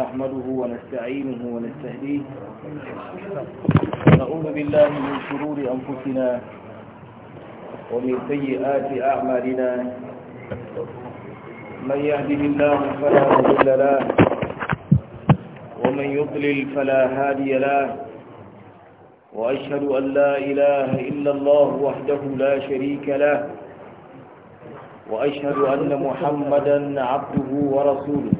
نحمده ونستعينه ونستهديه نعوذ بالله من شرور أنفسنا ومن سيئات أعمالنا من يهده الله فلا مضل له ومن يضلل فلا هادي له وأشهد أن لا إله إلا الله وحده لا شريك له وأشهد أن محمدا عبده ورسوله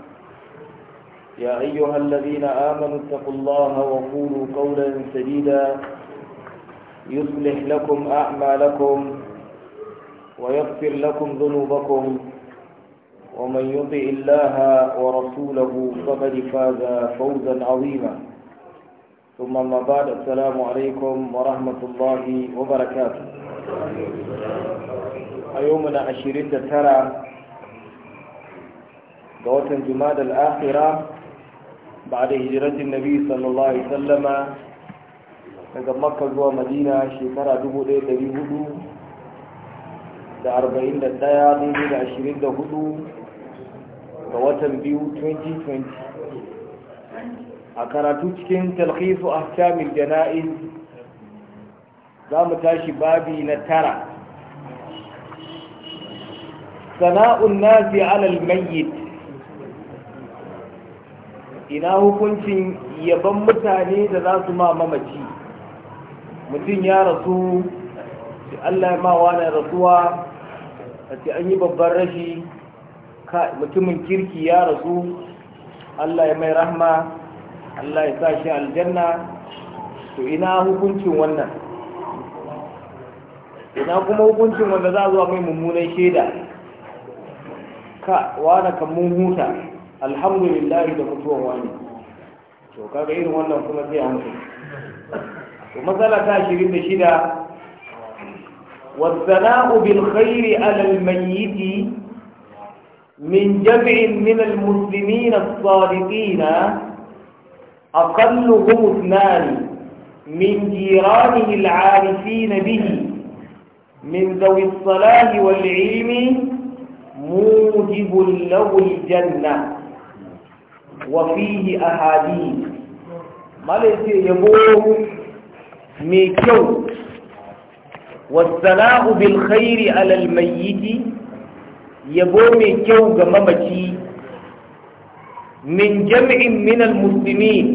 يا أيها الذين آمنوا اتقوا الله وقولوا قولا سديدا يصلح لكم أعمالكم ويغفر لكم ذنوبكم ومن يطع الله ورسوله فقد فاز فوزا عظيما ثم ما بعد السلام عليكم ورحمة الله وبركاته يومنا عشرين ترى قوة جماد الآخرة بعد هجرة النبي صلى الله عليه وسلم daga makka zuwa madina shekara 1441 daidai da 24 ga watan biyu 2020 a karatu cikin talhifu a shamil jana'iz za tashi babi na tara sana'un nasi alal mayyit ina hukuncin yaban mutane da za su ma mamaci mutum ya rasu da allah ma wani rasuwa a ce an yi babban rashi mutumin kirki ya rasu allah ya mai rahma allah ya sa shi aljanna to ina hukuncin wannan ina kuma hukuncin wanda za zuwa mai mummunan shaida ka wane kan mun huta الحمد لله mutuwan wani to kaga irin wannan kuma sai hankali to matsala ta ashirin والثناء بالخير على الميت من جمع من المسلمين الصادقين أقلهم اثنان من جيرانه العارفين به من ذوي الصلاة والعلم موجب له الجنة wa fihi ahadith malaike yabo mai kyau wasana'u ubin khairi alal mayyiti yabo mai kyau ga mamaci min jam'in min al muslimin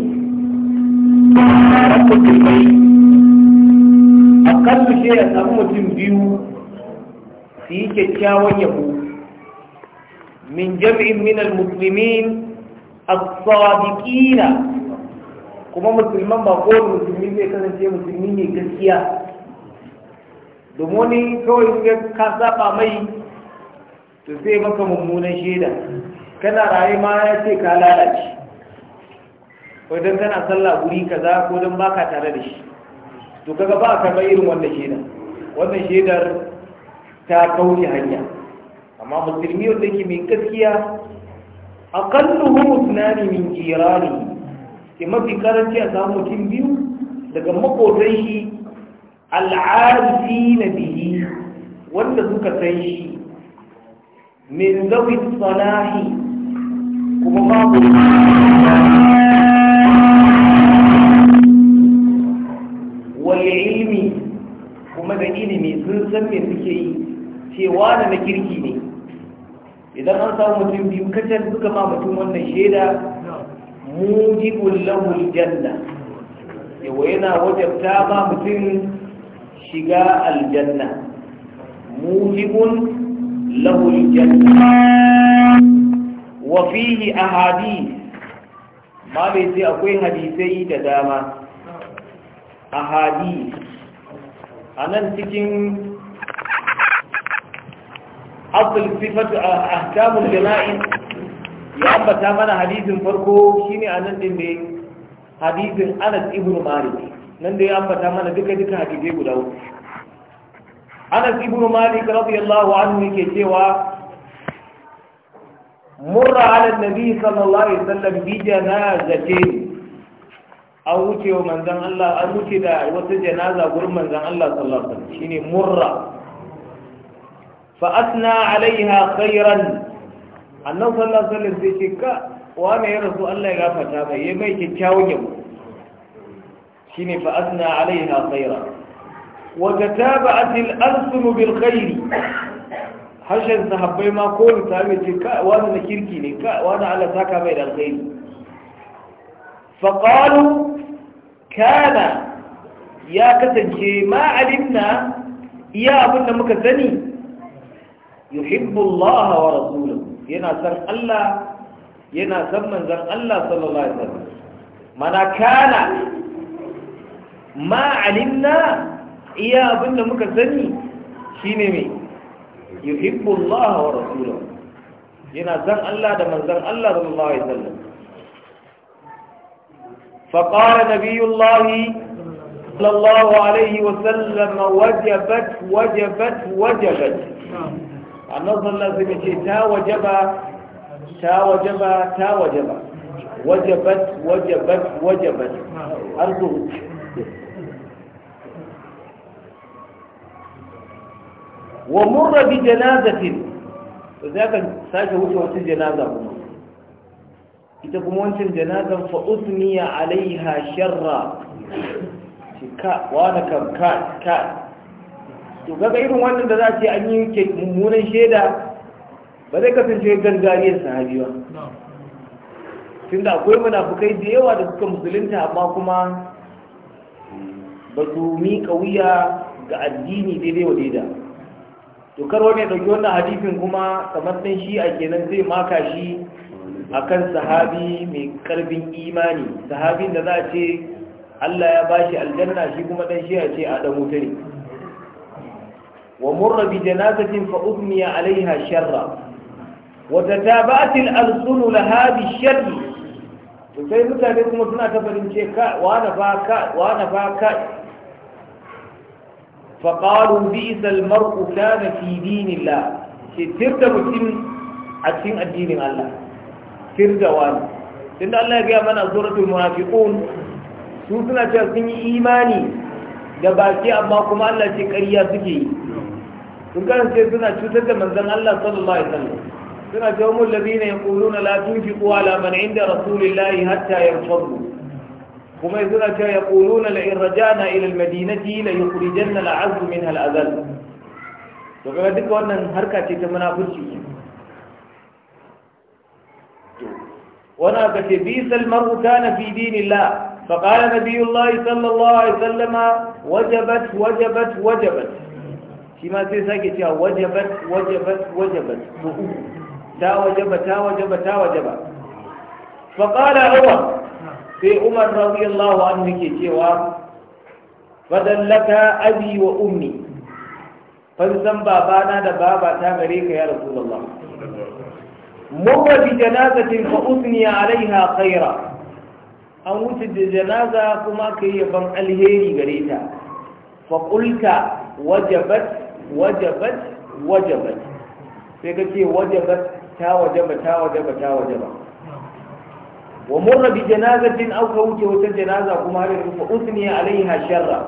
akallu shi ya samu mutum biyu su yi kyakkyawan yabo min jami'in min al as-sadiqina kuma musulman ba ko musulmi zai kasance musulmi ne gaskiya domin wani kawai ya ka saba mai to sai maka mummunan shaida kana raye ma ya ce ka lalace ko dan kana sallah guri kaza ko dan baka tare da shi to kaga ba ka bai irin wannan shaidar wannan shaidar ta kauce hanya amma musulmi wanda ke mai gaskiya aqalluhum ithnani min jirani ke mafi karanci a samu biyu daga makotan shi al'arifi na wanda suka san shi min zawi sanahi kuma babu wani ilmi kuma da ilimi sun san me suke yi cewa da na kirki ne idan an samu mutum biyu kacal suka ma mutum wannan shaida mujibul lahul janna yawa yana wajabta ma mutum shiga aljanna mujibun lahul janna wa fihi ahadith ma bai sai akwai hadisai da dama ahadith nan cikin asal sifatu ahkamul jana'i ya ambata mana hadisin farko shine anan din ne hadisin Anas ibn Malik nan da ya ambata mana duka duka hadisai guda uku Anas ibn Malik radiyallahu anhu yake cewa murra ala nabi sallallahu alaihi wasallam bi janazatin an wuce wa manzan Allah an wuce da wata janaza gurin manzan Allah sallallahu alaihi wasallam shine murra fa asna alaiha khairan annabi sallallahu alaihi wasallam sai ce ka wa mai rasu Allah ya gafarta mai yayi mai kyakkyawan yabo shine fa asna alaiha khairan wa tataba'at al-alsun bil khair hashin sahabbai ma ko ta mai ce ka Wa na kirki ne ka wani Allah saka mai da alkhairi fa qalu kana ya kasance ma alimna iya abin da muka sani يحب الله ورسوله ينا سر الله ينا سر من سر الله صلى الله عليه وسلم من كان ما علمنا يا ابن مكسني شيني مي يحب الله ورسوله ينا سر الله ده من الله صلى الله عليه وسلم فقال نبي الله صلى الله عليه وسلم وجبت وجبت, وجبت النظر لازم يجي تا وجب تا وجب تا وجب وجبت وجبت وجبت أرجو ومر بجنازة لذلك ساجة وشوة جنازة كتب مونتن الجنازة فأثني عليها شرا كا وانا كم كا كا to kaga irin wannan da za su yi an yi mummunan shaida ba zai kasance gangariyar sahabi ba tunda akwai munafukai da yawa da suka musulunta amma kuma ba su mi ga addini daidai wa daida to kar wani ya ɗauki wannan hadifin kuma kamar ɗan shi a kenan zai maka shi a kan sahabi mai ƙarfin imani sahabin da za a ce Allah ya bashi aljanna shi kuma ɗan shi a ce a ɗan wuta ne ومر بجنازة فأغمي عليها شرا وتتابعت الألسن لها بالشر sai mutane kuma suna ta farince ka wani ba ka wani ba ka faƙaru bi isal mar'u kana fi dinillah ke tirda mutum a cikin addinin Allah tirda wani tunda Allah ya gaya mana suratul munafiqun su suna cewa sun yi imani da baki amma kuma Allah ce ƙarya suke yi sun kasance suna cutar da manzon Allah sallallahu alaihi wasallam suna cewa mun ladina yaquluna la tunfiqu ala man inda rasulillahi hatta yarfadu kuma suna cewa yaquluna la in rajana ila almadinati la yukhrijanna al'azz minha al'azal to kaga duka wannan harka ce ta munafurci wani aka ce bisal mar'u kana fi dinillah فقال نبي الله صلى الله عليه وسلم وجبت وجبت وجبت shi ma sai sake cewa wajabat wajabat wajabat buhu ta wajaba ta wajaba ta wajaba fa qala umar sai umar radiyallahu anhu yake cewa fadallaka abi wa ummi san babana da babata gare ka ya rasulullah murra bi janazatin fa usniya alaiha khaira an wuce da janaza kuma ka yi yaban alheri gare ta fa qulta wajabat wajabat wajabat sai ka ce wajabat ta wajaba ta wajaba ta wajaba wa murra bi janazatin aw ka wuce wata janaza kuma har yanzu fa usni alaiha sharra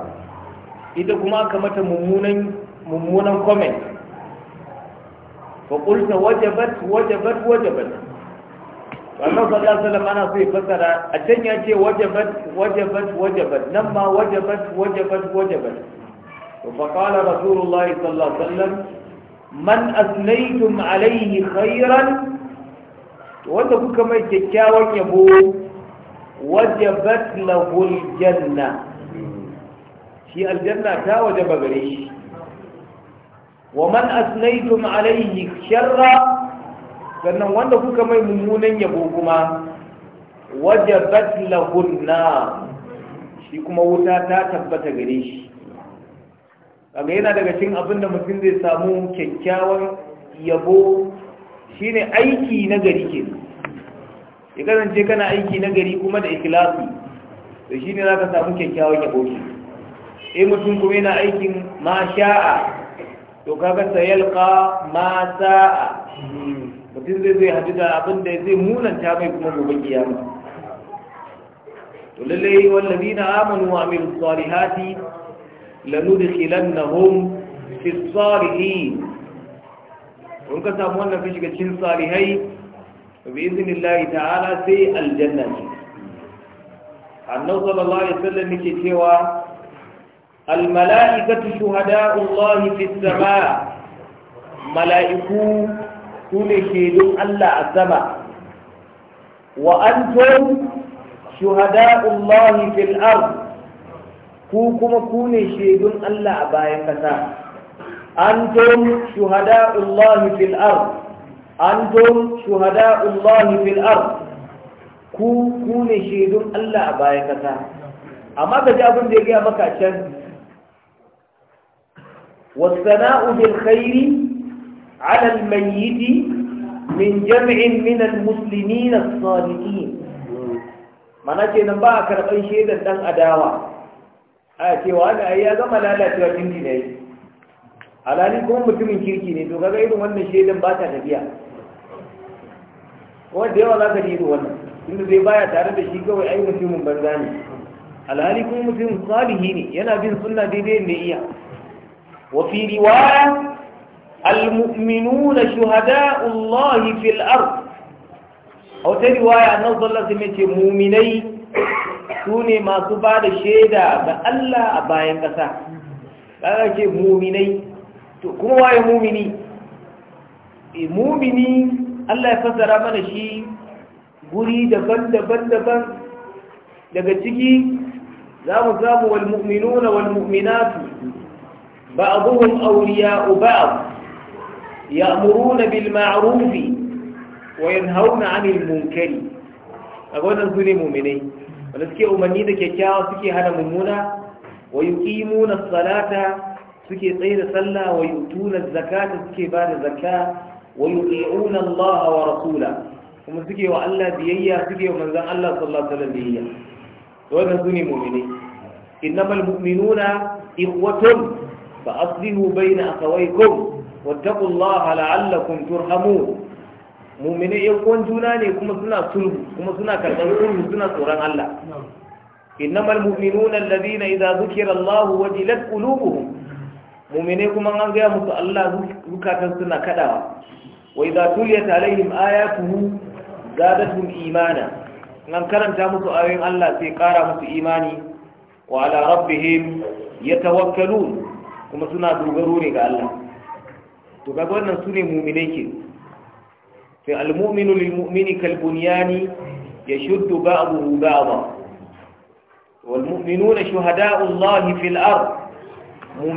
ita kuma aka mata mummunan mummunan comment fa qulta wajabat wajabat wajabat wannan sallallahu alaihi ana so ya a can ya ce wajabat wajabat wajabat nan ma wajabat wajabat wajabat فقال رسول الله صلى الله عليه وسلم من أثنيتم عليه خيرا wanda kuka mai kyakkyawan yabo wajabat lahul janna shi aljanna ta wajaba gare shi wa man asnaytum alayhi sharra sannan wanda kuka mai mummunan yabo kuma wajabat lahun shi kuma wuta ta tabbata gare shi kaga yana daga cikin abin da mutum zai samu kyakkyawan yabo shine aiki na gari ke ya kasance kana aiki na gari kuma da da shi ne za ka samu kyakkyawan yabo ke E, mutum kuma yana aikin ma sha'a to kaga ka ma sa'a mutum zai zai hadu da abin da zai munanta mai kuma gobe kiyama to lalle wallazina amanu wa amilus salihati lanudkhilannahum fi salihin in ka samu wannan ka shiga cikin ta'ala sai aljanna ne annabi sallallahu alaihi wasallam yake cewa almala'ikatu shuhada'u Allah fi sama mala'iku sune shedun Allah a wa antum shuhada'u fil ar. ku kuma ku ne shaidun Allah a bayan kasa antum shuhada'ullahi fil ard antum shuhada'ullahi fil ard ku ku ne shaidun Allah a bayan kasa amma ka ji abin da ya gaya maka can wasana'u bil khairi ala al mayyit min jam'in min al muslimin as-sadiqin mana kenan ba a karban shaidan dan adawa a cewa da ai ya gama lalacewa jinki da yi alhali kuma mutumin kirki ne to kaga irin wannan shaidan ba ta tafiya kuma da yawa za ka ji wannan inda zai baya tare da shi kawai ai mutumin banza ne alhali kuma mutumin salihi ne yana bin sunna daidai ne iya wa fi riwaya al-mu'minuna shuhada'u Allah fil ard a wata riwaya annabi sallallahu alaihi wasallam ya ce mu'minai su ne masu ba da shaida ga Allah a bayan ƙasa ƙarar ce muminai to kuma waye mumini eh, mumini Allah ya fassara mana shi guri daban-daban daban daga ciki za mu samu walmuminu walmu'minuna walmu'minatu ba'dhum awliya'u ba'd ya'muruna bil ma'ruf wa yanhauna 'anil munkari a wannan su ne muminai wanda suke umarni da kyakkyawa suke hana mummuna wa yuqimuna salata suke tsaye da sallah wa yutuna zakata suke ba da zakka wa yuti'una Allah wa rasula kuma suke wa Allah biyayya suke wa manzan Allah sallallahu alaihi wasallam biyayya to wannan sune mu'mini innamal mu'minuna ikhwatun fa aslihu bayna akhawaykum wattaqullaha la'allakum turhamun mumine yau uwan juna ne kuma suna sulhu kuma suna karɓar sulhu suna tsoron Allah innamal mu'minuna alladhina idza zukira Allah wajilat qulubuhum mumine kuma an gaya musu Allah zukatan suna kadawa wa tare tuliyat alaihim ayatuhu zadatuhum imana nan karanta musu ayoyin Allah sai kara musu imani wa ala rabbihim yatawakkalun kuma suna dogaro ne ga Allah to kaga wannan sune mu'minai ke sai almu'minu lil mu'mini kal bunyani yashuddu ba'dahu ba'dha wal mu'minuna shuhada'u Allah fil ard su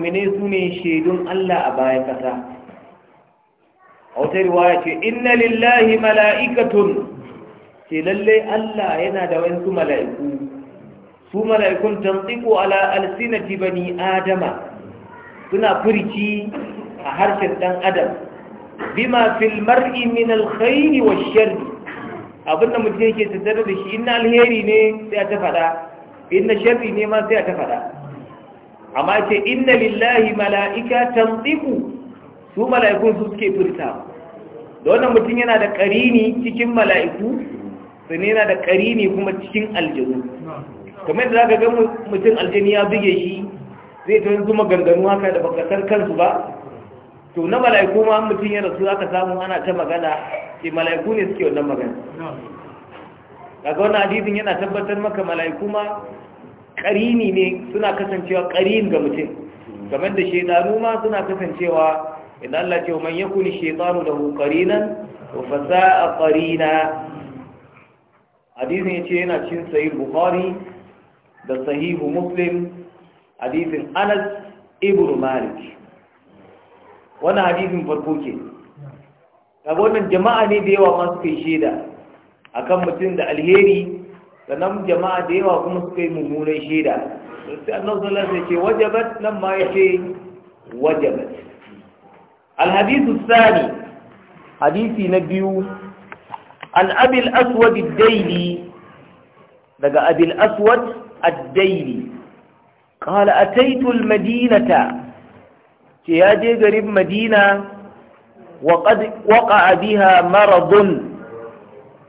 ne shaidun Allah a bayan kasa a wata riwaya ce inna lillahi mala'ikatun ce lallai Allah yana da wani su mala'iku su mala'ikun tantsiku ala alsinati bani adama suna furici a harshen dan adam bima fil mar'i min alkhairi Abin abinda mutum yake tattare da shi in na alheri ne sai a ta fada in na sharri ne ma sai a ta fada amma ce inna lillahi mala'ika tantiku su mala'iku su suke furta da wannan mutum yana da ƙarini cikin mala'iku su ne yana da ƙarini kuma cikin aljanu kamar da zaka ga mutum aljani ya buge shi zai ta zuma ganganu haka da bakatar kansu ba to na mala'iku ma mutum ya rasu aka samu ana ta magana ke mala'iku ne suke wannan magana daga wannan hadisin yana tabbatar maka mala'iku ma karini ne suna kasancewa ƙarin ga mutum kamar da shaidanu ma suna kasancewa idan Allah ce man yakuni shaitanu lahu qarinan wa fasa'a qarina hadisin yace yana cikin sahih bukhari da sahihu muslim hadisin Anas ibn Malik wannan hadisin farko ke ga wannan jama'a ne da yawa masu kai sheda akan mutum da alheri sannan jama'a da yawa kuma su kai mummunan shaida sai annabi sallallahu alaihi wasallam ya ce wajabat nan ma ya ce wajabat الحديث الثاني حديث نبيو عن أبي الأسود الديلي ad أبي الأسود الديلي قال أتيت المدينة ce ya je garin madina waƙa biha maradun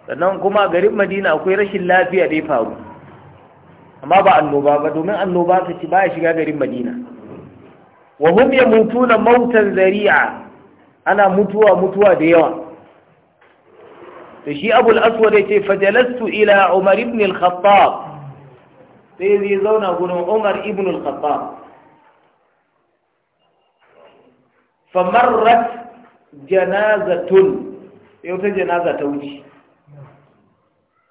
sannan kuma garin madina akwai rashin lafiya da ya faru amma ba annoba ba domin annoba ka ci ba ya shiga garin madina wa hum ya mutu na mautan zari'a ana mutuwa mutuwa da yawa da shi abul aswad ya ce fajalastu ila umar ibn al-khattab sai zai zauna gurin umar ibn al-khattab فمرت جنازة يوتا إيه جنازة توجي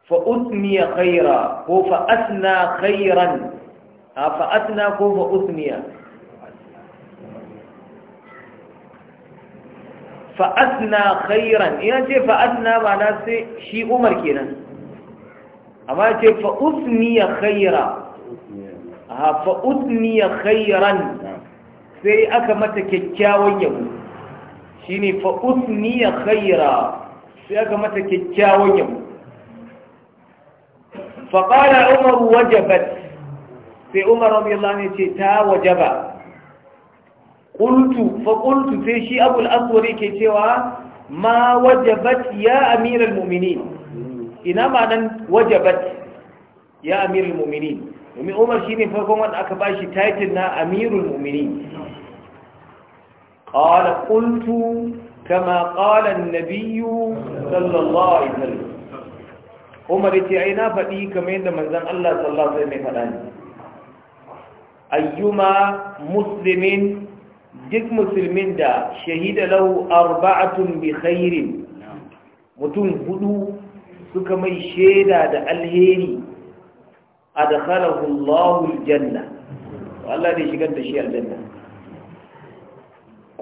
فأثني خيرا هو فأثنى خيرا فأثنى هو فأثني فأثنى خيرا إذا إيه جاء فأثنى معنا شيء عمر كينا أما جاء فأثني خيرا, فأثني خيرا. sai aka mata kyakkyawan yabo shine fa usniya khaira sai aka mata kyakkyawan yabo fa Umaru umar wajabat sai umar radiyallahu anhu ce ta wajaba qultu fa sai shi abul aswad ke cewa ma wajabat ya amiral mummini? ina ma nan wajabat ya amiral mummini? domin umar shi ne farkon wanda aka bashi title na amirul mummini? قال قلت كما قال النبي صلى الله عليه وسلم عمر يتي انا فدي كما يند منزل الله صلى الله عليه وسلم فدان ايما مسلم duk musulmin da shahida lahu arba'atun bi khairin mutum huɗu suka mai shaida da alheri adkhalahu janna. aljanna Allah ne shigar da shi aljanna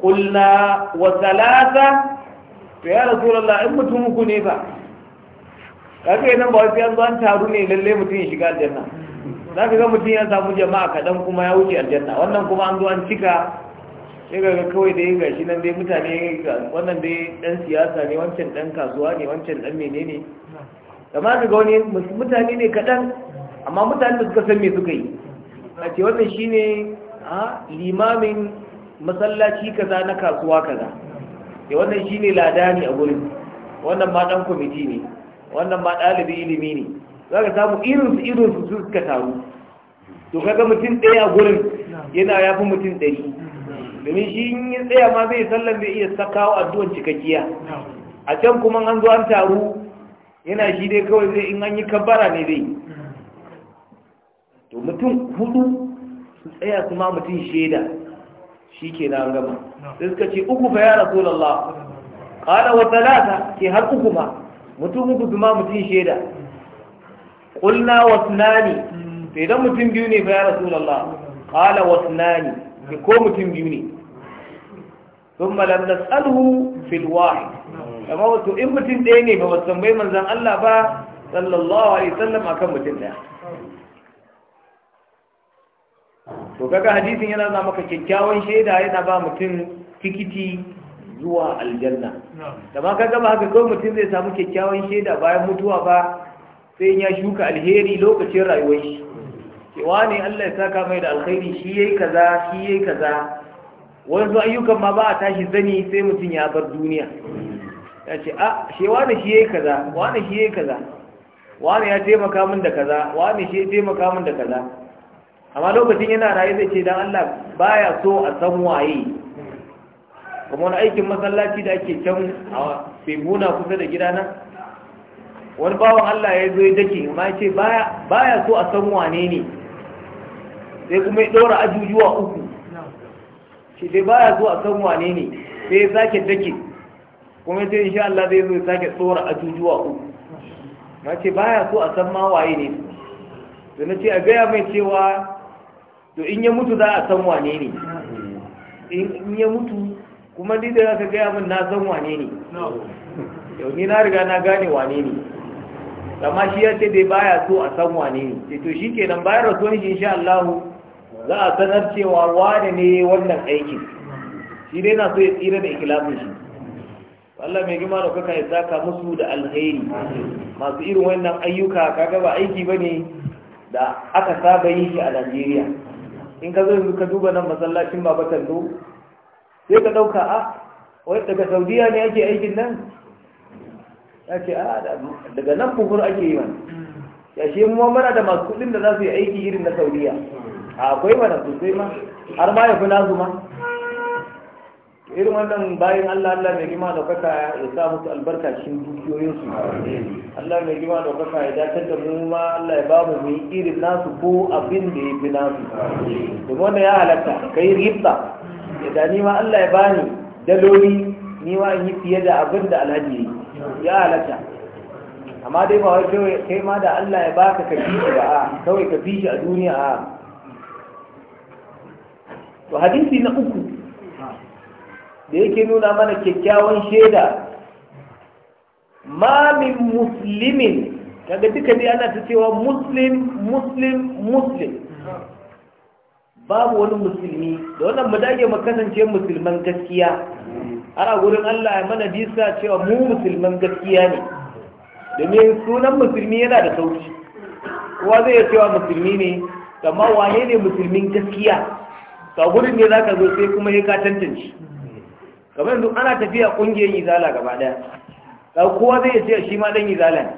kulna wa salasa to ya rasu lalla in mutum uku ne ba kaga nan ba wasu yanzu an taru ne lalle mutum ya shiga aljanna za ka ga mutum ya samu jama'a kaɗan kuma ya wuce aljanna wannan kuma an zo an cika sai ga kawai da ya gashi nan dai mutane wannan dai ɗan siyasa ne wancan ɗan kasuwa ne wancan ɗan menene kama ka ga wani mutane ne kaɗan amma mutane da suka san me suka yi a ce wannan shine a limamin masallaci kaza na kasuwa kaza ya eh, wannan shi ne ladani a gurin wannan ma ɗan kwamiti ne wannan ma ɗalibi ilimi ne za ka samu irinsu irinsu su suka taru to kaga mutum ɗaya a gurin yana ya fi mutum ɗari domin shi yi tsaya ma zai sallan zai iya sakawa addu'an cikakkiya a can kuma an zo an taru yana shi dai kawai zai in an yi kabara ne zai to mutum hudu su tsaya su ma mutum shaida shi ke na gama sai suka ce uku fa ya rasulallah ƙada wa talata ke har uku ma mutum uku zuma mutum shaida ƙulna wa sunani sai don mutum biyu ne fa ya rasulallah ƙala wa sunani ke ko mutum biyu ne sun malam na tsalhu filwa amma wato in mutum ɗaya ne ba wasan bai manzan Allah ba sallallahu alaihi sallam akan mutum ɗaya to kaga hadisin yana za maka kyakkyawan shaida yana ba mutum tikiti zuwa aljanna da ma kaga ba haka kawai mutum zai samu kyakkyawan shaida bayan mutuwa ba sai ya shuka alheri lokacin rayuwar shi cewa ne Allah ya saka mai da alkhairi shi yayi kaza shi yayi kaza wasu ayyukan ma ba a tashi zani sai mutum ya bar duniya ya ce a ah, shi wani shi yayi kaza wani shi yayi kaza wani ya taimaka min da kaza wani shi ya taimaka min da kaza amma lokacin yana raye zai ce dan Allah baya so a san waye kuma wani aikin masallaci da ake can a feguna kusa da gidana wani bawan Allah ya zo ya dake amma ya ce baya so a san wane ne sai kuma ya ɗora ajujuwa uku shi dai baya so a san wane ne sai ya sake dake kuma ya ce insha Allah zai zo ya sake ɗora ajujuwa uku ma ce baya so a san ma waye ne sai na ce a gaya mai cewa to in ya mutu za a san wane ne in ya mutu kuma ni da ka gaya min na san wane ne yau ni na riga na gane wane ne amma shi ya ce dai baya so a san wane ne ce eh, to shi kenan bayan rasuwan shi insha Allah za a sanar cewa wane ne wannan aiki shi dai na so ya tsira da ikilamin shi Allah mai gima da kuka ya saka musu da alheri masu irin wannan ayyuka kaga ba aiki bane da aka saba yi shi a Najeriya in ka zo yanzu ka duba nan masallacin bakan tando sai ka ɗauka a ah, wai daga saudiya ne ake aikin nan ya ce ah, a daga nan kukur ake yi mana ya shi mu mana da masu kudin da za su yi aiki irin na saudiya akwai mana sosai ma har ma ya fi nasu ma irin wannan bayan Allah Allah mai gima da kaka ya sa musu albarka cikin dukiyoyinsu Allah mai gima da kaka ya dakatar da mu ma Allah ya bamu mu irin nasu ko abin da ya nasu Kuma wanda ya halatta kai ribta Idan ni ma Allah ya bani daloli ni ma in yi fiye da abin da alhaji ya halatta amma dai ba wai kai ma da Allah ya baka ka fi ba a kawai ka fi shi a duniya a to hadisi na uku da yake nuna mana kyakkyawan shaida ma min muslimin kaga duka dai ana ta cewa muslim muslim muslim babu wani musulmi da wannan mu dage mu kasance musulman gaskiya ara gurin Allah ya mana bisa cewa mu musulman gaskiya ne domin sunan musulmi yana da sauki kowa zai iya cewa musulmi ne amma wane ne musulmin gaskiya ka gurin ne zaka zo sai kuma ya ka tantance kamar yanzu ana tafiya ƙungiyar izala gaba ɗaya kowa zai yi shi ma ɗan izala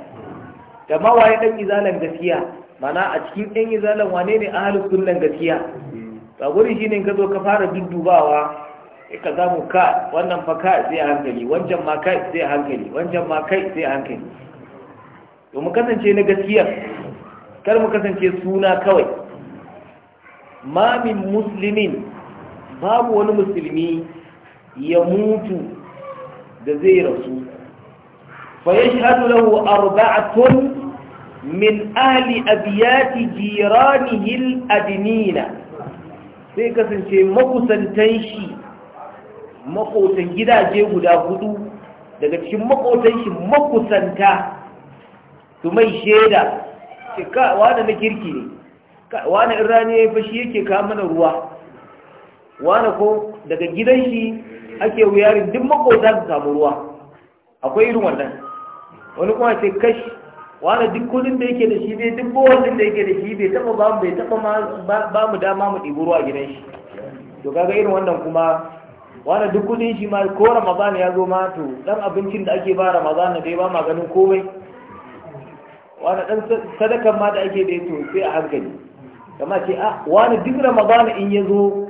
da ma waye ɗan izalan gaskiya mana a cikin ɗan izalan wane ne ahalus sunnan gaskiya a shi ne ka zo ka fara duddubawa ka mu ka wannan fa ka sai hankali wancan ma kai sai hankali wancan ma kai sai hankali to mu kasance na gaskiya kar mu kasance suna kawai ma min muslimin babu wani musulmi ya mutu da zai rasu fa yashhadu lahu arba'atun min ahli abiyati jiranihi al-adnina sai kasance makusantan shi makotan gidaje guda hudu daga cikin makotan shi makusanta su mai shaida ce ka wani na kirki ne wani in rani ya fashi yake ka mana ruwa wani ko daga gidan shi ake wuyarin duk makota su samu ruwa akwai irin wannan wani kuma ce kashi wani duk kudin da yake da shi bai duk bowar da yake da shi bai taba ba mu bai taba ba mu dama mu ɗibi ruwa a gidan shi to kaga irin wannan kuma wani duk kudin shi ma ko ramadan ya zo ma to dan abincin da ake ba ramadan dai ba ma ganin komai wani dan sadakan ma da ake da to sai a hankali kama ce a ah, wani duk ramadan in ya zo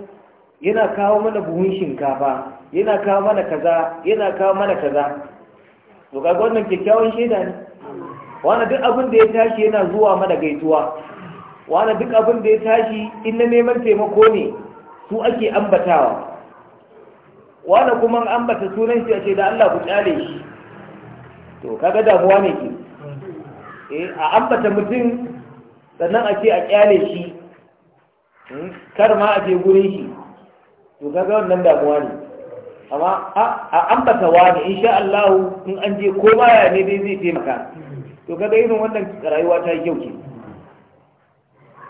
yana kawo mana buhun shinkafa yana kawo mana kaza yana kawo mana kaza to ga wannan kyakkyawan shaida ne wani duk abin da ya tashi yana zuwa mana gaituwa wani duk abin da ya tashi in na neman taimako ne su ake ambatawa wani kuma ambata sunan shi a ce da Allah ku kyale shi to kaga damuwa ne ke eh a ambata mutum sannan a ce a kyale shi hmm, kar ma a ce gurin shi to kaga wannan damuwa ne amma a ambata wani insha Allah in an je ko baya ne dai zai taimaka to kaga irin wannan rayuwa ta yi kyau ke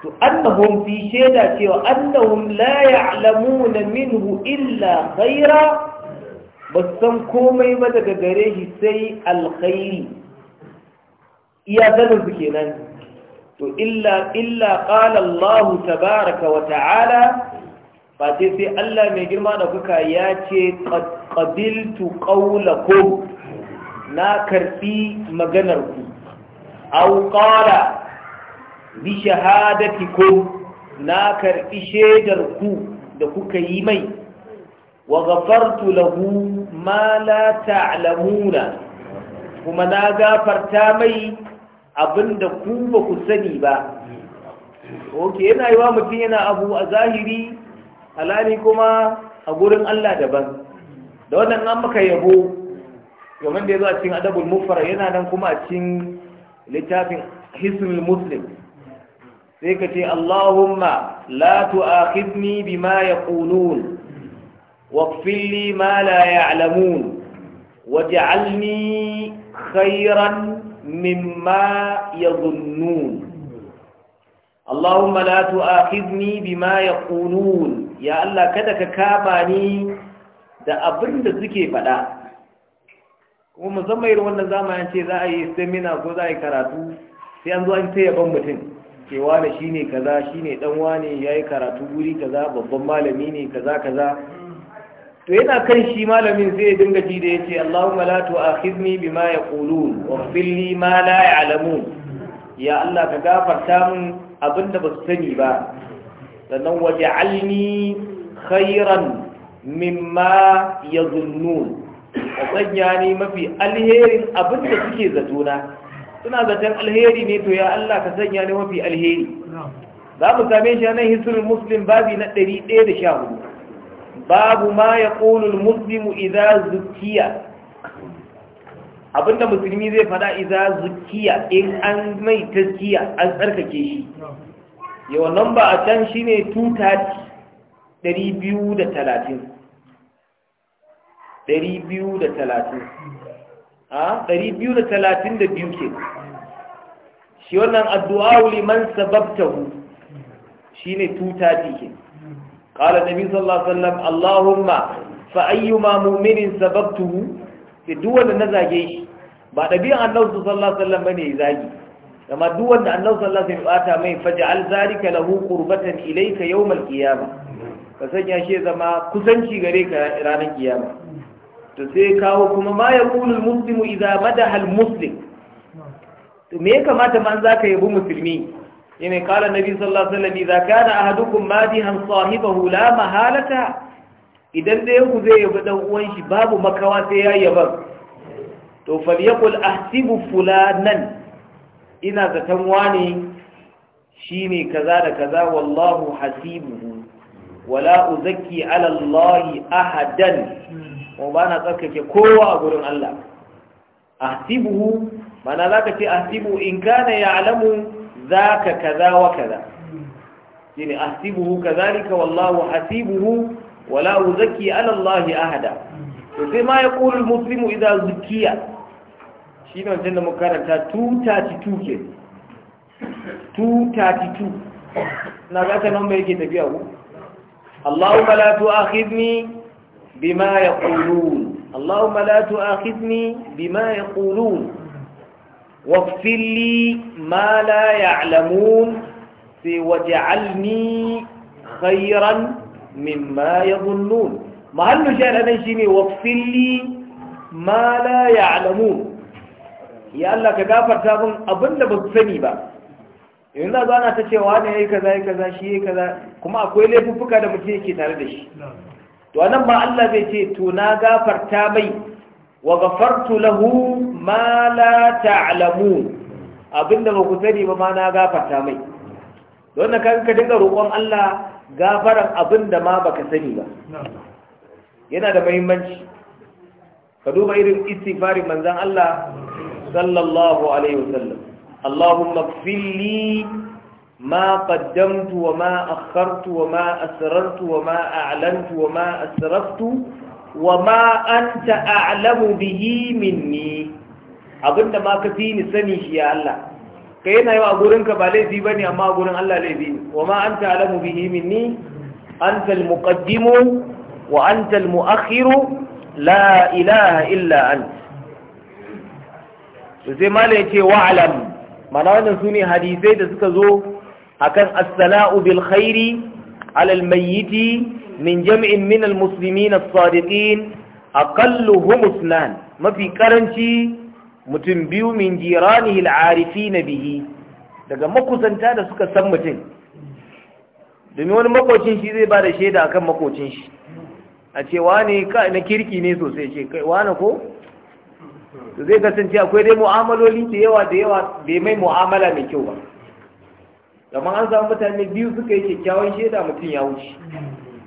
to annahum fi shaida cewa annahum la ya'lamuna minhu illa khaira ba san komai ba daga gare shi sai alkhairi iya zanin su kenan to illa illa qala Allah tabaraka wa ta'ala ba sai sai Allah mai girma da kuka ya ce qabiltu ko? na karfi maganar ku aw qala bi ko. na karfi shaidar ku da kuka yi mai wa ghafartu lahu ma la ta'lamuna kuma na gafarta mai abinda ku ba ku sani ba oke yana yi wa mutum yana abu a zahiri alali kuma a gurin Allah daban da wannan an maka yabo yamin da ya zo a cikin adabul Mufar yana nan kuma a cikin littafin hisnul muslim sai ka ce Allahumma la tu'akhidni bima yaqulun fili لي ما لا يعلمون واجعلني خيرا مما يظنون اللهم لا تؤاخذني بما يقولون يا الله kada ka kama ni da abin da suke faɗa kuma musamman irin wannan zamanin ce za a yi semina ko za a yi karatu sai an zo an ta yaban mutum cewa da shi ne kaza shi ne ɗanwa ne ya yi karatu guri kaza babban malami ne kaza kaza to yana kan shi malamin sai ya dinga ji da ya ce Allahumma la tu'akhidni bima yaqulun wa fili ma la ya'lamun ya Allah ka gafarta min abinda ba su sani ba sannan waje alni khairan mimma ya zunnun a sanya ne mafi alherin abinda suke zatona suna zaton alheri ne to ya Allah ka sanya ne mafi alheri za mu same shi nan hisrul muslim babi na 114 babu ma ya ƙonul muslimu idan zukiya abinda musulmi zai fada iza zukiya in an mai taskiya an tsarkake shi yawan nan ba a can shi ne 230 ke shi wannan addu'a liman sababtahu shi ne 230 ke قال النبي صلى الله عليه وسلم اللهم فأيما مؤمن سببته ke duk wanda na zage shi ba ɗabi'an annabi sallallahu alaihi wasallam bane ya zagi amma duk wanda annabi sallallahu alaihi wasallam ya bata mai faj'al zalika lahu qurbatan ilayka yawm al-qiyamah ka sanya shi zama kusanci gare ka ranar kiyama to sai kawo kuma ma yaqulu al-muslimu idza madaha al-muslim to me ya kamata man zaka yabi musulmi yana kala nabi sallallahu alaihi wasallam idza kana ahadukum madihan sahibahu la mahalata idan da zai yaba dan uwan shi babu makawa sai ya yaban to falyakul ahsibu fulanan ina zaton wani shine kaza da kaza wallahu hasibuhu wala uzakki ala Allah ahadan ko bana tsarkake kowa a gurin Allah ahsibuhu mana zaka ce ahsibu in kana ya'lamu zaka kaza wa kaza shine ahsibuhu kadhalika wallahu hasibuhu wala uzaki ala Allah ahada to sai ma ya al-muslimu idza zukiya shine wancan da muka karanta 232 ke 232 na ga nan nan yake tafiya ku Allahumma la tu'akhidni bima yaqulun Allahumma la tu'akhidni bima yaqulun واغفر لي ما لا يعلمون سي واجعلني خيرا mimma ya yadhunnun mahallu shahid nan shine waqfilli ma la alamu ya Allah ka gafarta abin abinda ba su sani ba yanzu za na ta cewa ne yi kaza yayi kaza shi yi kaza kuma akwai laifuffuka da mutum yake tare da shi to anan ma Allah zai ce to na gafarta mai wa gafartu lahu ma la abin abinda ba ku sani ba ma na gafarta mai don kan ka dinga roƙon Allah gafaran abin da ma baka sani ba yana da mahimmanci ka duba irin istifari manzon Allah sallallahu alaihi wasallam Allahumma ighfirli ma qaddamtu wa ma akhartu wa ma asrartu wa ma a'lantu wa ma asraftu wa ma anta a'lamu bihi minni abinda ma ka fi ni sani shi ya Allah ka yana yau a gurinka ba laifi ba ne amma a gurin Allah laifi wa ma an ta'alamu bihi minni an talmuqaddimu wa an talmuakhiru la ilaha illa an to sai mala yace wa alam mana wannan sune hadisai da suka zo akan kan salau bil khairi ala mayyiti min jam'in min al-muslimin as-sadiqin aqalluhum isnan mafi karanci mutum biyu min jiranihi na bihi daga makusanta da suka san mutum domin wani makocin shi zai ba da shaida akan makocin shi a ce ne na kirki ne sosai ce kai na ko to zai kasance akwai dai mu'amaloli da yawa da yawa bai mai mu'amala mai kyau ba kamar an samu mutane biyu suka yi kyakkyawan shaida mutum ya wuce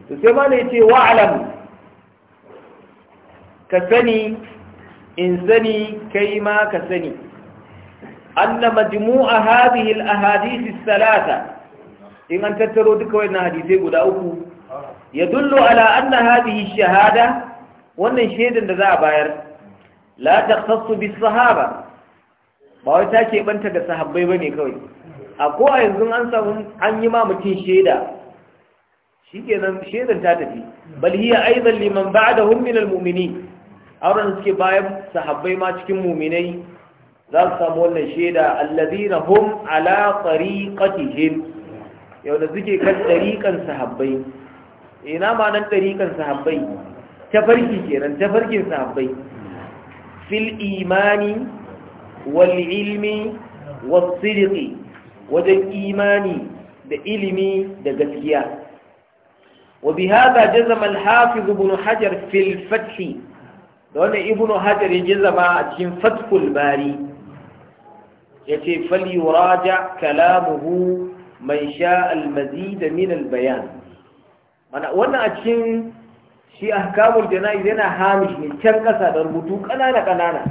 to sai ma ne ce Alam ka sani in sani kai ma ka sani anna majmu'a hadhihi al-ahadith ath-thalatha in an tattaro duka wannan hadisai guda uku yadullu ala anna hadhihi shahada wannan shaidan da za a bayar la takhassu bis-sahaba ba wai ta ke banta da sahabbai bane kawai a ko a yanzu an samu an yi ma mutum shaida shikenan shaidan ta tafi bal hiya aidan liman ba'dahum min al-mu'minin auren suke bayan sahabbai ma cikin muminai za su samu wannan shaida allazina hum ala tariqatihim yau da suke kan tariqan sahabbai ina ma nan tariqan sahabbai Ta tafarki kenan farkin sahabbai fil imani wal ilmi was sidqi wajen imani da ilimi da gaskiya وبهذا جزم الحافظ بن حجر في الفتح da wannan ibnu hajar ya ji zama a cikin Fatkul bari ya ce falyuraja kalamuhu man sha almazid min albayan mana wannan a cikin shi ahkamul jana'iz yana hamish ne can kasa da rubutu kanana kanana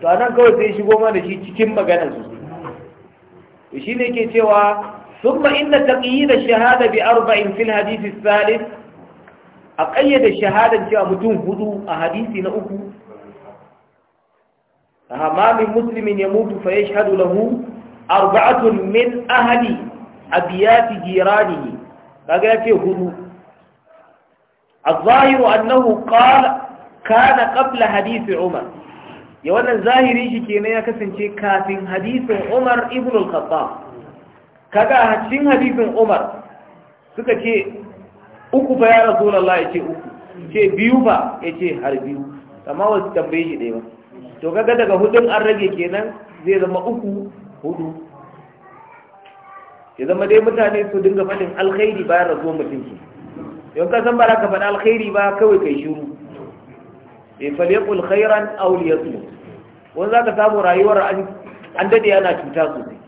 to anan kawai sai shigo mana shi cikin magana su shi ne ke cewa ثم shahada تقييد الشهادة بأربع في الحديث الثالث a ƙayyade shahadar cewa mutum hudu a hadisi na uku amma min muslimin ya mutu fa shahadu lahu arba'atun min ahli ne jiranihi ya ce hudu a zahiru annahu kana قبل hadisi umar ya wannan zahiri shi kenan ya kasance kafin hadisin Umar ibn al-Khattab kaga a cikin hadisin Umar suka ce uku fa ya rasulullah ya ce uku ce biyu fa ya ce har biyu amma wasu tambaye shi ɗaya ba to kaga daga hudun an rage kenan zai zama uku hudu ya zama dai mutane su dinga faɗin alkhairi bayan rasuwar mutum ke yau ka san ba za ka faɗi alkhairi ba kawai kai shiru bai eh, falekul khairan auliyatu wani za ka samu rayuwar an dade ana cuta sosai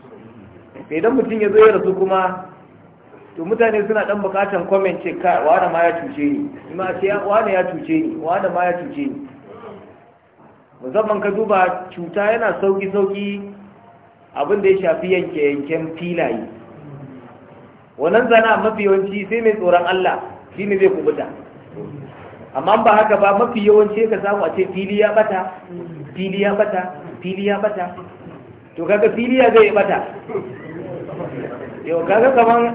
sai don mutum ya zo ya rasu kuma to mutane suna dan bukatan comment ce ka wani ma ya cuce ni ima ce wani ya cuce ni wani ma ya cuce ni musamman ka duba cuta yana sauki sauki abin da ya shafi yanke yanken filaye wannan zana mafi yawanci sai mai tsoron Allah shi ne zai kubuta amma ba haka ba mafi yawanci ka samu a ce fili ya bata fili ya bata fili ya bata to kaga fili ya zai bata yau kaga kaman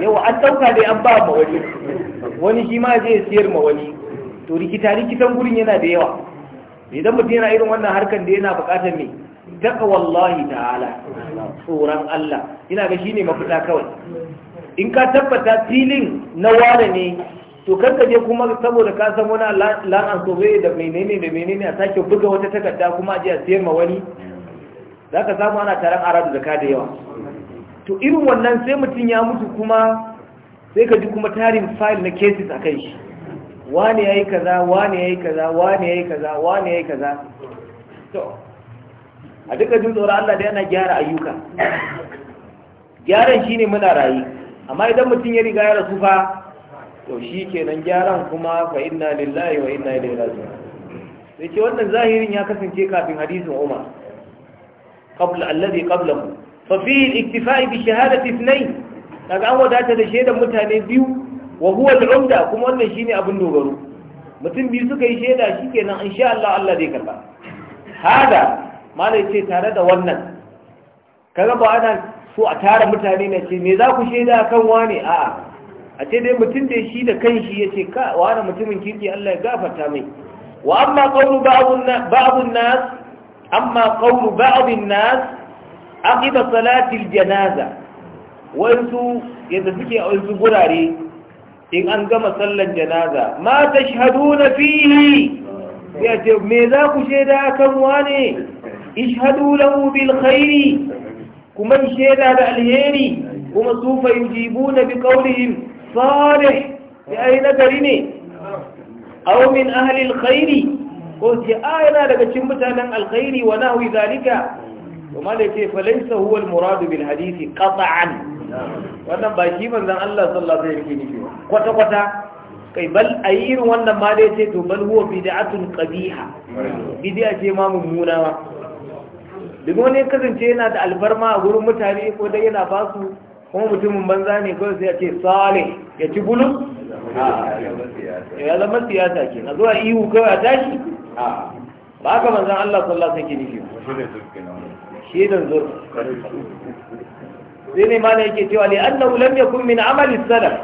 Yau an ɗauka dai an ba ma wani wani shi ma zai siyar ma wani to rikita rikitan gurin yana da yawa idan mutum yana irin wannan harkar da yana buƙatar me daga wallahi ta'ala tsoron Allah ina ga shine mafita kawai in ka tabbata filin na ware ne to kanka je kuma saboda ka san wani so sobe da menene da menene a sake buga wata takarda kuma a je a siyar ma wani zaka samu ana taron aradu da ka da yawa to irin wannan sai mutum ya mutu kuma sai ka ji kuma tarin file na cases a kai shi wane ya yi kaza wane ya yi kaza wane ya yi kaza wane ya yi kaza to a duka jin tsoron Allah da yana gyara ayyuka gyaran shine muna rayu amma idan mutum ya riga ya rasu fa to shi kenan gyaran kuma fa inna lillahi wa inna ilaihi raji'un sai ce wannan zahirin ya kasance kafin hadisin Umar qabla alladhi qablahu ففي الاكتفاء بشهادة اثنين kaga an wadata da shaidan mutane biyu wa huwa al-umda kuma wannan shine abin dogaro mutum biyu suka yi shaida shikenan insha Allah Allah zai karba hada malai ce tare da wannan kaga ba ana so a tara mutane na ce me za ku shaida kan wani a'a a ce dai mutum da shi da kanshi ya ce ka wani mutumin kirki Allah ya gafarta mai wa amma qawlu ba'dun nas amma qawlu ba'dun nas aqiba salati janaza wansu yadda suke a wasu gurare in an gama sallan janaza ma tashhaduna fihi ya ce me za ku shaida kan wane ishhadu lahu bil khairi kuma shaida da alheri kuma su fa yujibuna bi qawlihim salih ya ai nagari ne aw min ahli al khairi ko ce ah, yana daga cikin mutanen alkhairi wa nahwi zalika kuma da ke falaisa huwal muradu bil hadisi qat'an wannan ba shi manzon Allah sallallahu alaihi wasallam yake nufi kwata kwata kai bal ayi irin wannan ma da yace to bal huwa bid'atun qabiha bid'a ce ma mummuna ma duk wani kasance yana da albarma a gurin mutane ko dai yana ba su kuma mutumin banza ne kawai sai ya ce sale ya ci bulu ya zama siyasa ke na zuwa ihu kawai a tashi ah. ba haka manzan Allah sallallahu alaihi wasallam ke nufi shi nan zo sai ne mana yake cewa li annahu ya yakun min amali salaf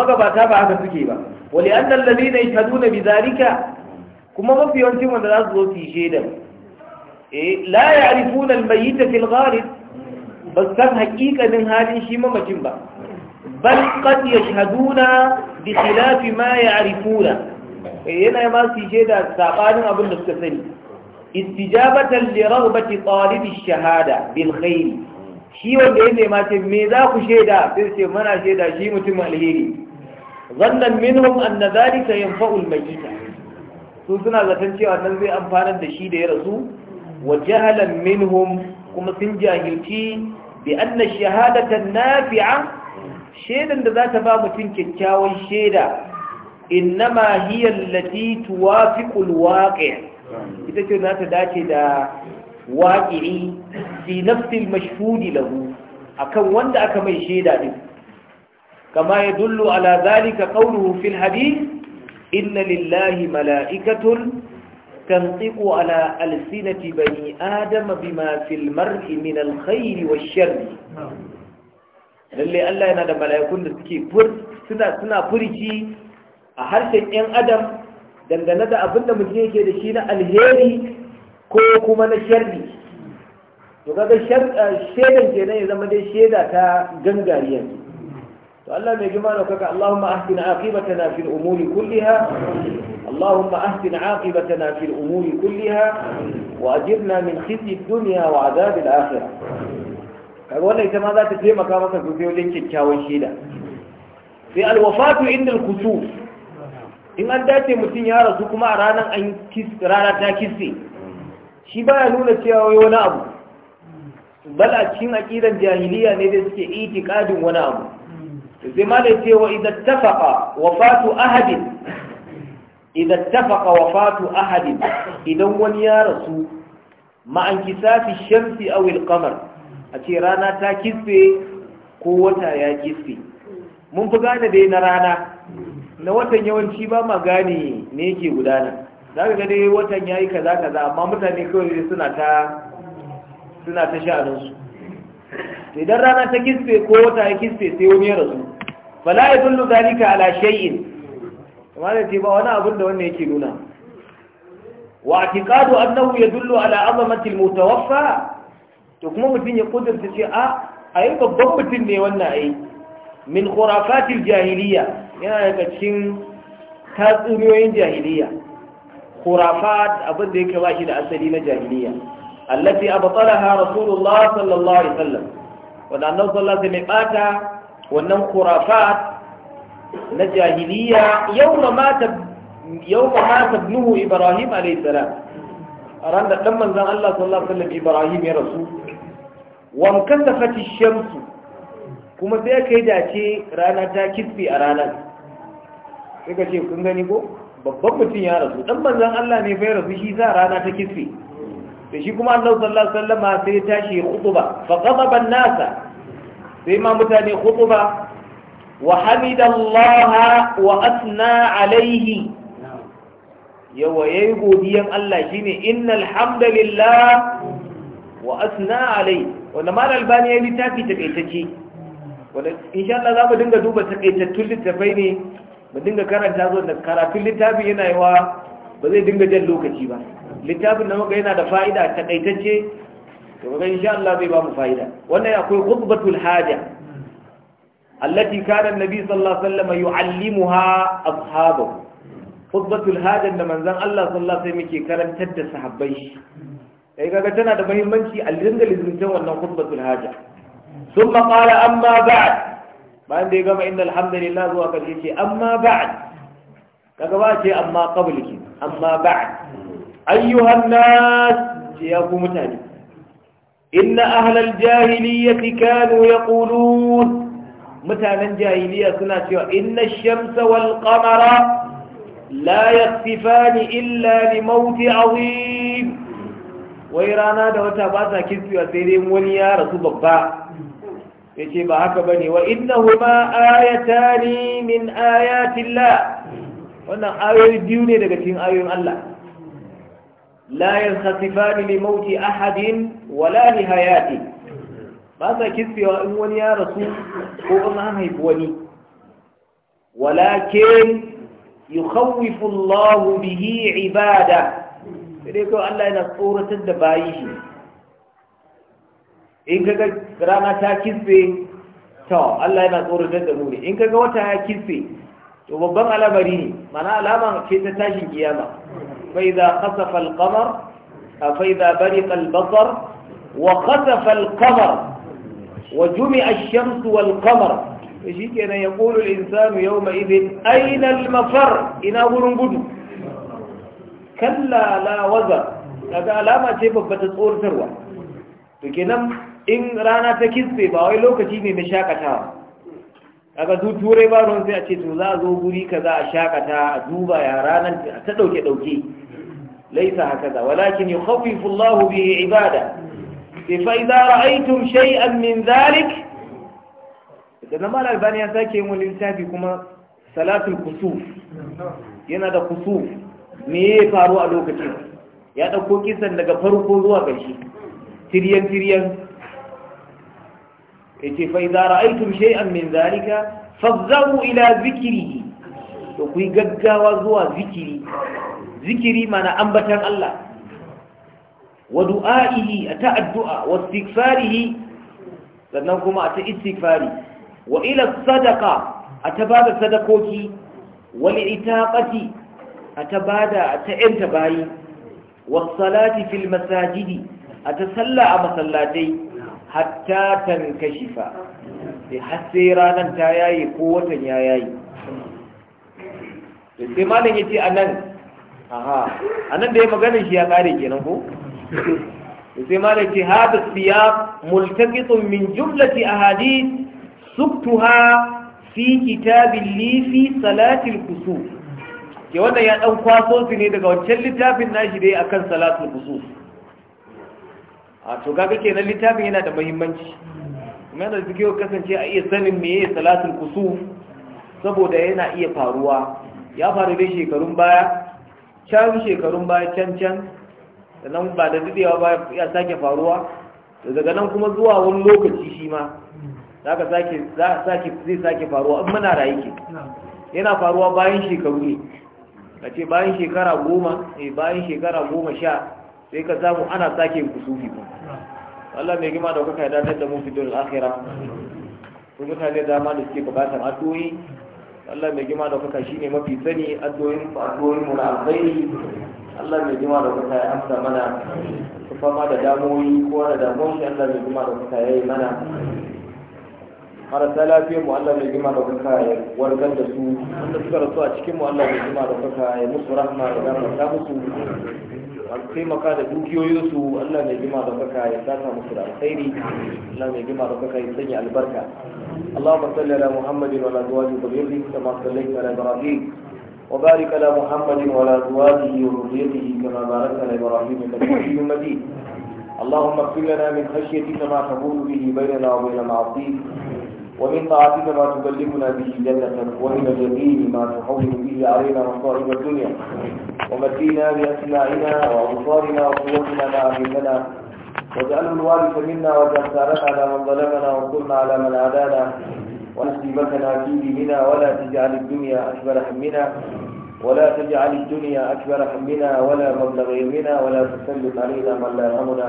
magabata ba haka suke ba wa li anna na yashhaduna bi Bizarika, kuma mafi yawancin wanda za su zo su yi shaidan eh la ya'rifuna al-mayyita fil gharib ba san hakikanin halin shi mamacin ba bal qad yashhaduna bi khilafi ma ya'rifuna eh, yana ma su yi shaida sabanin abin da suka sani istijabatan li raghbati talibi shahada bil khair shi wanda ya nema ce me za ku shaida sai ce mana shaida shi mutum alheri zannan minhum anna dhalika yanfa'u al mayyita su suna zaton cewa nan zai amfanar da shi da ya rasu wa jahalan minhum kuma sun jahilci bi anna shahadatan nafi'a shaidan da za ta ba mutum kyakkyawan shaida innama hiya allati tuwafiqu waqi' ita ce za ta dace da waƙiri fi nafsil mashhudi lahu akan wanda aka mai shaida din kama ya dullu ala zalika qawluhu fil hadith inna lillahi mala'ikatun تنطق bani adama بني آدم بما في المرء من الخير والشر lalle Allah yana da mala'ikun da suke fur suna suna furici a harshen ɗan adam dangane da abin da mutum yake da shi na alheri ko kuma na sharri to kaga shedan eh, kenan ya zama dai sheda ta gangariya to Allah mai girma da kaka Allahumma ahdina aqibatana fil umuri kulliha Allahumma ahdina aqibatana fil umuri kulliha wa ajirna min khizyi dunya wa adhab al akhirah kaga wannan ita ma za ta taimaka maka sosai wajen kyakkyawan sheda sai al wafatu inda al kusuf in an dace mutum ya rasu kuma a ranar an rana ta kisse shi ba ya nuna cewa wai wani abu bala cikin aqidan jahiliya ne da suke iti ƙadin wani abu zai ma da ce wa idan wa fatu ahadin idan wa fatu ahadin idan wani ya rasu ma'an kisafi shamsi a wilkamar a ce rana ta kisse ko wata ya kise, mun fi gane dai na rana na watan yawanci ba ma gane ne yake gudana za ka dai watan ya yi kaza kaza amma mutane kawai suna ta suna ta sha'aninsu idan rana ta kispe ko wata ya kispe sai wani ya rasu na yi dullu zalika ala shay'in amma da ce ba wani abin da wannan yake nuna wa a atiqadu annahu dullu ala azamati almutawaffa to kuma mutum ya kudurta ce a ah, ayi babban mutum ne wannan ai min khurafatil jahiliya yana daga cikin tatsuniyoyin jahiliya khurafat abin da yake ba shi da asali na jahiliya allati abtalaha rasulullah sallallahu alaihi wasallam wanda annabi sallallahu alaihi wasallam bata wannan khurafat na jahiliya yawma mata yawma mata ibnuhu ibrahim alaihi salam ran da dan manzon Allah sallallahu alaihi wasallam ibrahim ya rasu wa mukasafati shamsu kuma sai kai dace rana ta kisbi a ranar sai ka ce kun gani ko babban mutum ya rasu dan manzon Allah ne bai rasu shi za rana ta kisfi da shi kuma Allah sallallahu alaihi wasallam sai ya tashi ya khutuba fa ghadaba nasa sai ma mutane khutuba wa hamidallaha wa asna alaihi yawa yayi godiyan Allah shine innal hamdalillah wa asna alai wanda mal albani yayi littafi takaitacce wanda insha Allah za mu dinga duba takaitattun littafai ne mu dinga karanta zo da karatun littafi yana wa ba zai dinga jan lokaci ba littafin da muka yana da fa'ida ta kaitacce to ga insha Allah zai ba mu fa'ida wannan akwai khutbatul haja allati kana annabi sallallahu alaihi wasallam yu'allimuha ashabahu khutbatul haja da manzon Allah sallallahu alaihi wasallam yake karantar da sahabbai shi kai kaga tana da muhimmanci a dinga lizintan wannan khutbatul haja ثم قال amma بعد bayan da ya gama inna alhamdulillah zuwa karshe ce amma ba'd kaga ba ce amma qabl ki amma ba'd ayyuhan nas ya ku mutane inna ahlal jahiliyyati kanu yaqulun mutanen jahiliya suna cewa inna ash-shamsa wal qamara la yakhsifani illa li mawt azim wai rana da wata ba sa kisbiya sai dai wani ya rasu babba yace ba haka bane wa innahuma ayatani min ayatillah wannan ayoyi biyu ne daga cikin ayoyin Allah la yanhasifani li mauti ahadin wala li hayati ba sa kisbewa in wani ya rasu ko in an haifi wani walakin yukhawifu Allah bihi ibada sai dai kawai Allah yana tsoratar da bayi shi in ka ga rana ta kisbe to Allah yana tsoratar da mu ne in ka ga wata ya kisbe to babban alamari ne mana alama ce ta tashin kiyama fa idza khasafa al-qamar fa idza bariqa al-basar wa khasafa al-qamar wa jumi'a ash-shams wal-qamar shikenan yaqulu al-insanu yawma idhin ayna al-mafar ina gurin gudu kalla la wazar kaga alama ce babba ta tsoratarwa to kenan in rana ta kitse ba wai lokaci ne na shakatawa kaga su turai ba ruwan sai a ce to za a zo guri za a shakata a duba ya ranar ta dauke dauke laisa hakaza walakin yukhawwifu Allahu bihi ibada fa idza ra'aytum shay'an min dhalik da na mala albani ya sake yin littafi kuma salatul kusuf yana da kusuf me ya faru a lokacin ya dauko kisan daga farko zuwa ƙarshe tiryan tiryan yace fa idza ra'aytum shay'an min zalika fazzaru ila zikri to ku gaggawa zuwa zikiri zikiri mana ambatan Allah wa du'a'ihi ata addu'a wa istighfarihi sannan kuma ata istighfari wa ila sadaqa ata sadakoki wal itaqati ata bada ata yanta bayi wa salati fil masajidi ata salla a masallatai hatta tankashifa sai har sai ranar ta yayi ko watan ya yayi sai ya malam a anan aha nan da ya magana shi ya kare kenan ko sai malam ce hada siyab multaqitun min jumlati ahadith suktuha fi kitabin lifi salatul kusu. ke wannan ya ɗan kwaso su ne daga wancan littafin nashi dai akan salatul kusu. a to kaga kenan littafin yana da muhimmanci kuma yana da kyau kasance a iya sanin meye salatul kusuf saboda yana iya faruwa ya faru dai shekarun baya can shekarun baya can can sannan ba da dadewa ba ya sake faruwa daga nan kuma zuwa wani lokaci shi ma za ka sake zai sake faruwa in muna rayu ke yana faruwa bayan shekaru ne a ce bayan shekara goma eh, bayan shekara goma sha sai ka samu ana sake kusufi kuma Allah mai gima da kuka ya dadar da mu fi dole akhira ku mutane dama da suke bukatar addu'o'i Allah mai gima da kuka shine mafi sani addu'o'in addu'o'in mu na alkhairi Allah mai gima da kuka ya amsa mana su fama da damuwoyi ko da damuwoyi Allah mai gima da kuka ya yi mana marasa lafiyar mu Allah mai gima da kuka ya wargan da su wanda suka rasu a cikin mu Allah mai gima da kuka ya musu rahma da ta musu an taimaka da dukiyoyinsu Allah mai gima da baka ya saka musu da alkhairi Allah mai gima da baka ya sanya albarka Allahumma salli ala Muhammadin wa ala azwajihi wa dhurriyyatihi kama sallaita ala Ibrahim wa barik ala Muhammadin wa ala azwajihi wa dhurriyyatihi kama barakta ala Ibrahim innaka Hamidum Majid اللهم اغفر لنا من خشيتك ما تقول به بيننا وبين معصيتك ومن طاعتك ما تكلمنا به جنتك ومن اليقين ما تحول به علينا مصائب الدنيا ومتينا بأسماعنا وأبصارنا وقوتنا ما أهلنا واجعله الوارث منا واجعل ثارنا على من ظلمنا وانصرنا على من عادانا ونصيبتنا في ديننا ولا تجعل الدنيا أكبر همنا ولا تجعل الدنيا أكبر همنا ولا مبلغ علمنا ولا تسلط علينا من لا يرحمنا